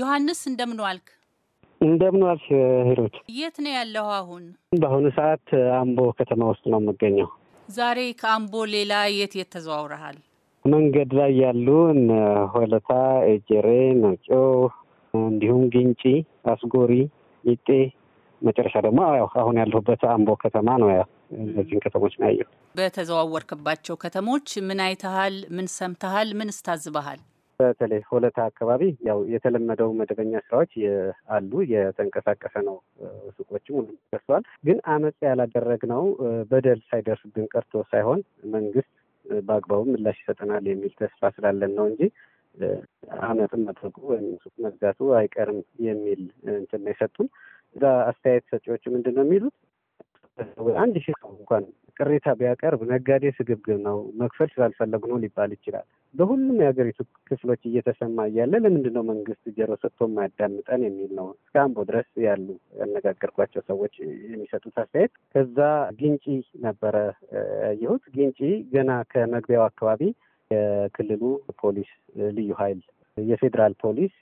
ዮሐንስ እንደምን ዋልክ? እንደምን ዋልሽ ሂሩት። የት ነው ያለው አሁን? በአሁኑ ሰዓት አምቦ ከተማ ውስጥ ነው የምገኘው። ዛሬ ከአምቦ ሌላ የት የት ተዘዋውረሃል? መንገድ ላይ ያሉ ሆለታ፣ ኤጀሬ፣ ነጮ እንዲሁም ግንጪ፣ አስጎሪ፣ ይጤ መጨረሻ ደግሞ ያው አሁን ያለሁበት አምቦ ከተማ ነው። ያው እነዚህን ከተሞች ነው ያየሁት። በተዘዋወርክባቸው ከተሞች ምን አይተሃል? ምን ሰምተሃል? ምን ስታዝበሃል? በተለይ ሆለታ አካባቢ ያው የተለመደው መደበኛ ስራዎች አሉ። የተንቀሳቀሰ ነው፣ ሱቆችም ሁሉ ደርሰዋል። ግን አመፅ ያላደረግነው በደል ሳይደርስብን ቀርቶ ሳይሆን መንግስት በአግባቡ ምላሽ ይሰጠናል የሚል ተስፋ ስላለን ነው እንጂ አመፅን መድረጉ ወይም ሱቅ መዝጋቱ አይቀርም የሚል እንትን ነው የሰጡን። እዛ አስተያየት ሰጪዎች ምንድን ነው የሚሉት አንድ ሺህ ሰው እንኳን ቅሬታ ቢያቀርብ ነጋዴ ስግብግብ ነው፣ መክፈል ስላልፈለጉ ነው ሊባል ይችላል። በሁሉም የሀገሪቱ ክፍሎች እየተሰማ እያለ ለምንድን ነው መንግስት ጆሮ ሰጥቶ የማያዳምጠን የሚል ነው። እስከ አምቦ ድረስ ያሉ ያነጋገርኳቸው ሰዎች የሚሰጡት አስተያየት። ከዛ ግንጪ ነበረ ያየሁት። ግንጪ ገና ከመግቢያው አካባቢ የክልሉ ፖሊስ ልዩ ኃይል የፌዴራል ፖሊስ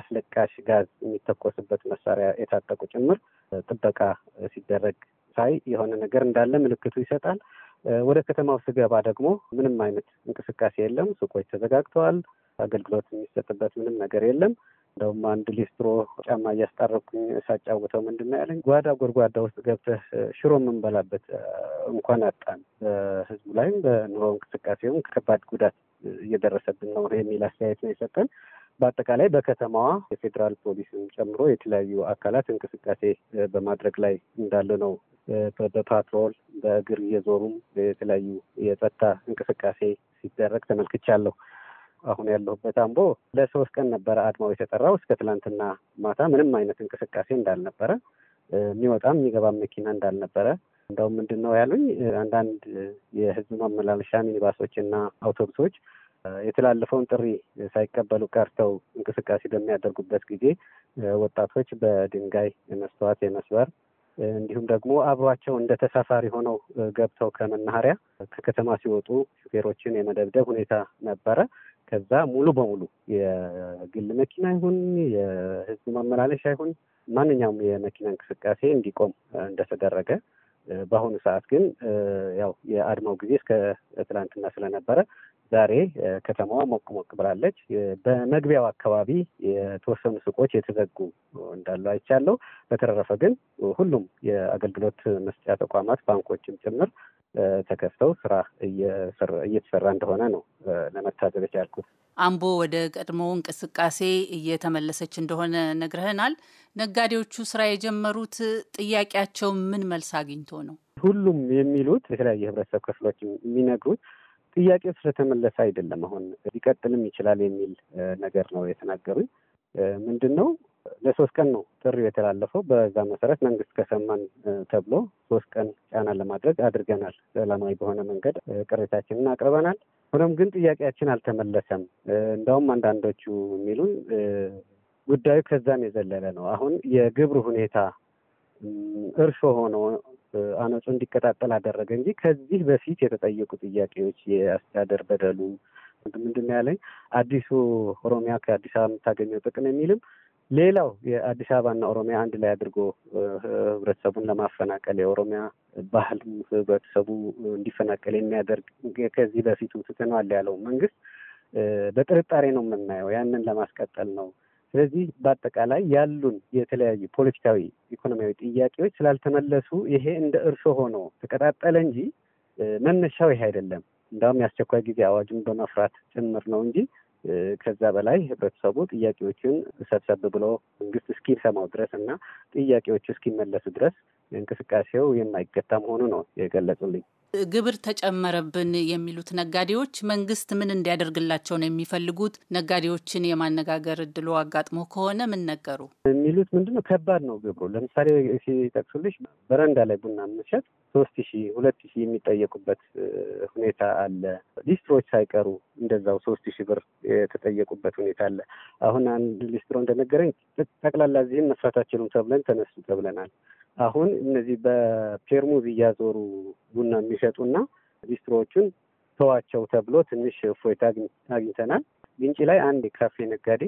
አስለቃሽ ጋዝ የሚተኮስበት መሳሪያ የታጠቁ ጭምር ጥበቃ ሲደረግ ሳይ የሆነ ነገር እንዳለ ምልክቱ ይሰጣል። ወደ ከተማው ስገባ ደግሞ ምንም አይነት እንቅስቃሴ የለም። ሱቆች ተዘጋግተዋል። አገልግሎት የሚሰጥበት ምንም ነገር የለም። እንደውም አንድ ሊስትሮ ጫማ እያስጣረኩኝ ሳጫውተው ምንድን ነው ያለኝ፣ ጓዳ ጎድጓዳ ውስጥ ገብተህ ሽሮ የምንበላበት እንኳን አጣን። በህዝቡ ላይም በኑሮ እንቅስቃሴውም ከባድ ጉዳት እየደረሰብን ነው የሚል አስተያየት ነው የሰጠን። በአጠቃላይ በከተማዋ የፌዴራል ፖሊስን ጨምሮ የተለያዩ አካላት እንቅስቃሴ በማድረግ ላይ እንዳለ ነው። በፓትሮል በእግር እየዞሩም የተለያዩ የጸጥታ እንቅስቃሴ ሲደረግ ተመልክቻለሁ። አሁን ያለሁበት አምቦ ለሶስት ቀን ነበረ አድማው የተጠራው። እስከ ትላንትና ማታ ምንም አይነት እንቅስቃሴ እንዳልነበረ፣ የሚወጣም የሚገባም መኪና እንዳልነበረ እንደውም ምንድን ነው ያሉኝ አንዳንድ የህዝብ ማመላለሻ ሚኒባሶች እና አውቶቡሶች የተላለፈውን ጥሪ ሳይቀበሉ ቀርተው እንቅስቃሴ በሚያደርጉበት ጊዜ ወጣቶች በድንጋይ መስተዋት የመስበር እንዲሁም ደግሞ አብሯቸው እንደ ተሳፋሪ ሆነው ገብተው ከመናኸሪያ ከከተማ ሲወጡ ሹፌሮችን የመደብደብ ሁኔታ ነበረ። ከዛ ሙሉ በሙሉ የግል መኪና ይሁን የሕዝብ ማመላለሻ ይሁን ማንኛውም የመኪና እንቅስቃሴ እንዲቆም እንደተደረገ በአሁኑ ሰዓት ግን ያው የአድማው ጊዜ እስከ ትላንትና ስለነበረ ዛሬ ከተማዋ ሞቅ ሞቅ ብላለች። በመግቢያው አካባቢ የተወሰኑ ሱቆች የተዘጉ እንዳሉ አይቻለሁ። በተረፈ ግን ሁሉም የአገልግሎት መስጫ ተቋማት ባንኮችም ጭምር ተከፍተው ስራ እየተሰራ እንደሆነ ነው ለመታዘብ የቻልኩት። አምቦ ወደ ቀድሞ እንቅስቃሴ እየተመለሰች እንደሆነ ነግረህናል። ነጋዴዎቹ ስራ የጀመሩት ጥያቄያቸው ምን መልስ አግኝቶ ነው? ሁሉም የሚሉት የተለያዩ የህብረተሰብ ክፍሎች የሚነግሩት ጥያቄው ስለተመለሰ አይደለም፣ አሁን ሊቀጥልም ይችላል የሚል ነገር ነው የተናገሩኝ። ምንድን ነው ለሶስት ቀን ነው ጥሪው የተላለፈው። በዛ መሰረት መንግስት ከሰማን ተብሎ ሶስት ቀን ጫና ለማድረግ አድርገናል። ሰላማዊ በሆነ መንገድ ቅሬታችንን አቅርበናል። ሆኖም ግን ጥያቄያችን አልተመለሰም። እንዳውም አንዳንዶቹ የሚሉን ጉዳዩ ከዛም የዘለለ ነው። አሁን የግብር ሁኔታ እርሾ ሆኖ አመፁ እንዲቀጣጠል አደረገ እንጂ ከዚህ በፊት የተጠየቁ ጥያቄዎች የአስተዳደር በደሉ ምንድን ነው ያለኝ አዲሱ ኦሮሚያ ከአዲስ አበባ የምታገኘው ጥቅም የሚልም ሌላው የአዲስ አበባና ኦሮሚያ አንድ ላይ አድርጎ ህብረተሰቡን ለማፈናቀል የኦሮሚያ ባህሉ ህብረተሰቡ እንዲፈናቀል የሚያደርግ ከዚህ በፊቱ ትተነዋል ያለው መንግስት በጥርጣሬ ነው የምናየው። ያንን ለማስቀጠል ነው። ስለዚህ በአጠቃላይ ያሉን የተለያዩ ፖለቲካዊ፣ ኢኮኖሚያዊ ጥያቄዎች ስላልተመለሱ ይሄ እንደ እርሾ ሆኖ ተቀጣጠለ እንጂ መነሻው ይሄ አይደለም። እንዳውም የአስቸኳይ ጊዜ አዋጁን በመፍራት ጭምር ነው እንጂ ከዛ በላይ ህብረተሰቡ ጥያቄዎችን ሰብሰብ ብሎ መንግስት እስኪሰማው ድረስ እና ጥያቄዎቹ እስኪመለሱ ድረስ እንቅስቃሴው የማይገታ መሆኑ ነው የገለጹልኝ። ግብር ተጨመረብን የሚሉት ነጋዴዎች መንግስት ምን እንዲያደርግላቸው ነው የሚፈልጉት? ነጋዴዎችን የማነጋገር እድሎ አጋጥሞ ከሆነ ምን ነገሩ የሚሉት ምንድን ነው? ከባድ ነው ግብሩ። ለምሳሌ ሲጠቅሱልሽ በረንዳ ላይ ቡና መሸጥ ሶስት ሺ ሁለት ሺ የሚጠየቁበት ሁኔታ አለ። ሊስትሮች ሳይቀሩ እንደዛው ሶስት ሺ ብር የተጠየቁበት ሁኔታ አለ። አሁን አንድ ሊስትሮ እንደነገረኝ ጠቅላላ እዚህም መስራት አችሉም ተብለን ተነሱ ተብለናል። አሁን እነዚህ በፌርሙዝ እያዞሩ ቡና የሚሸጡና ቢስትሮዎቹን ተዋቸው ተብሎ ትንሽ እፎይታ አግኝተናል። ግንጭ ላይ አንድ የካፌ ነጋዴ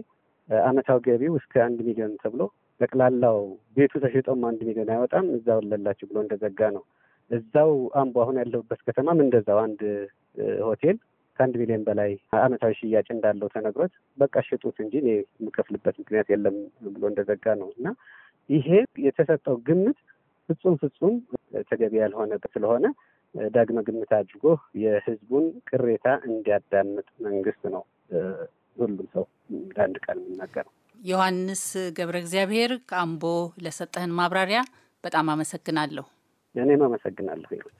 አመታዊ ገቢው እስከ አንድ ሚሊዮን ተብሎ ጠቅላላው ቤቱ ተሽጦም አንድ ሚሊዮን አይወጣም እዛው ለላችሁ ብሎ እንደዘጋ ነው። እዛው አምቦ አሁን ያለሁበት ከተማም እንደዛው አንድ ሆቴል ከአንድ ሚሊዮን በላይ አመታዊ ሽያጭ እንዳለው ተነግሮት በቃ ሽጡት እንጂ እኔ የምከፍልበት ምክንያት የለም ብሎ እንደዘጋ ነው እና ይሄ የተሰጠው ግምት ፍጹም ፍጹም ተገቢ ያልሆነ ስለሆነ ዳግመ ግምት አድርጎ የህዝቡን ቅሬታ እንዲያዳምጥ መንግስት ነው ሁሉም ሰው አንድ ቀን የሚናገረው። ዮሐንስ ገብረ እግዚአብሔር ከአምቦ ለሰጠህን ማብራሪያ በጣም አመሰግናለሁ። እኔም አመሰግናለሁ።